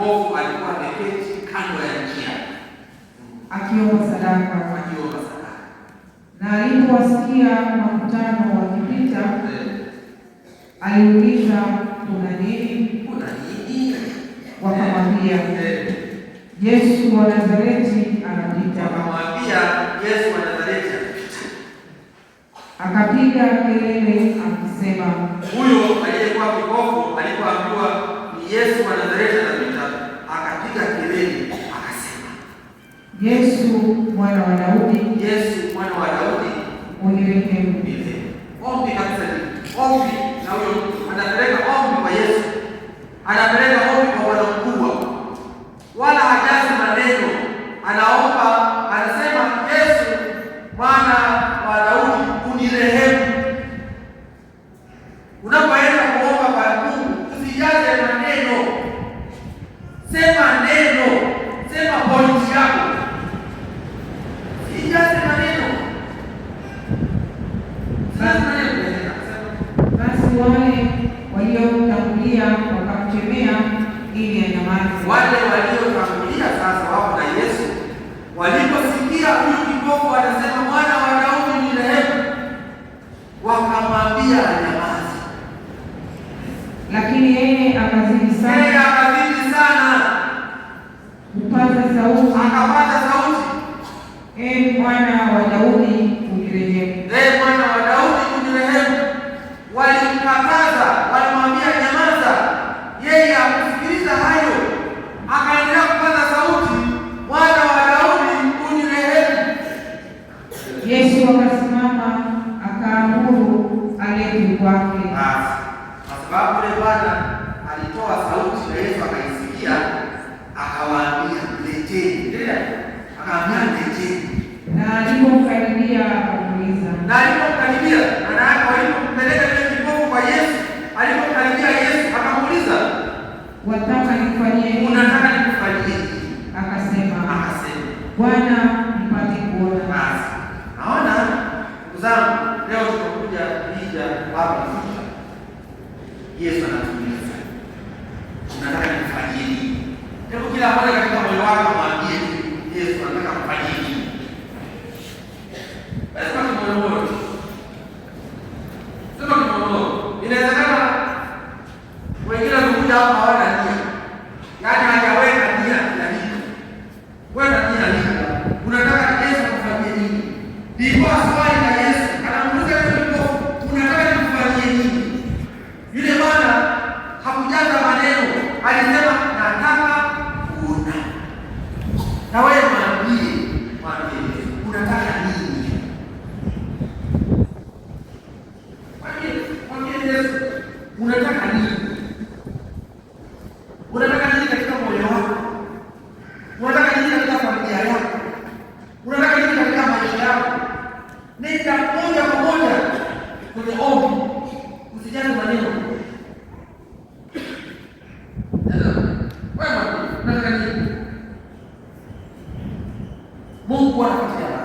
kipofu alikuwa ameketi kando ya njia akiomba sadaka, akiomba sadaka, na alipowasikia makutano wakipita, eh. aliuliza kuna nini? Kuna nini? Wakamwambia eh. Yesu wa Nazareti anapita. Wakamwambia Yesu wa Nazareti anapita. Akapiga kelele akisema, huyo aliyekuwa kipofu mwana wa Daudi, Yesu mwana wa Daudi, unirehemu. Ombi kabisa ombi, na huyo anapeleka ombi kwa Yesu, anapeleka ombi kwa Bwana mkubwa, wala hajazi maneno, anaomba, anasema Yesu mwana wa Daudi unirehemu. Unapoenda kuomba kwa Mungu usijaze maneno, sema neno, sema pointi yako Hii ni aina wale waliotangulia sasa wako na Yesu, waliposikia huyu kipofu anasema mwana wa Daudi ni rehemu, wakamwambia nyamazi lakini yeye akazidi sana, yeye akazidi sana kupaza sauti, akapaza sauti, ee Bwana wa Daudi, unirehemu. Ee na alipomkaribia maana walipompeleka ile kipofu kwa Yesu, alipomkaribia Yesu akamuuliza, wataka nikufanyie, unataka nikufanyie? Akasema, akasema Bwana, mpate kuona. Basi naona ndugu zangu, leo tunakuja kuja baba Yesu anatuuliza unataka nikufanyie nini? Hebu kila mmoja katika moyo wako mwambie Yesu, anataka kufanyie alisema nataka kuona. Na wewe mwambie, mwambie unataka nini? Mwambie, mwambie Yesu unataka nini? Unataka nini katika moyo wako? Unataka nini katika familia yako? Unataka nini katika maisha yako? Nenda moja kwa moja kwenye ombi Mungu anapatikana.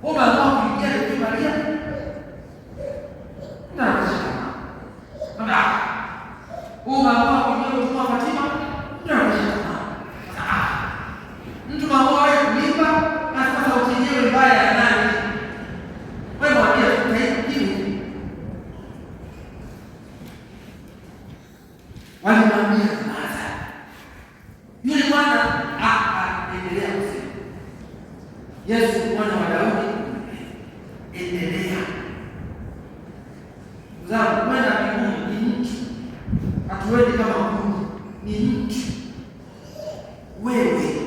我百块块钱是九块钱，哪儿不行啊？怎么着？我百块块钱是五百块钱吗？那不行啊？咋？你只把话一说吧，那啥东西要你买呀？呢，为我包你一赔一赔。完成完毕。zangu kwenda mbinguni ni mtu, hatuendi kama Mungu, ni mtu wewe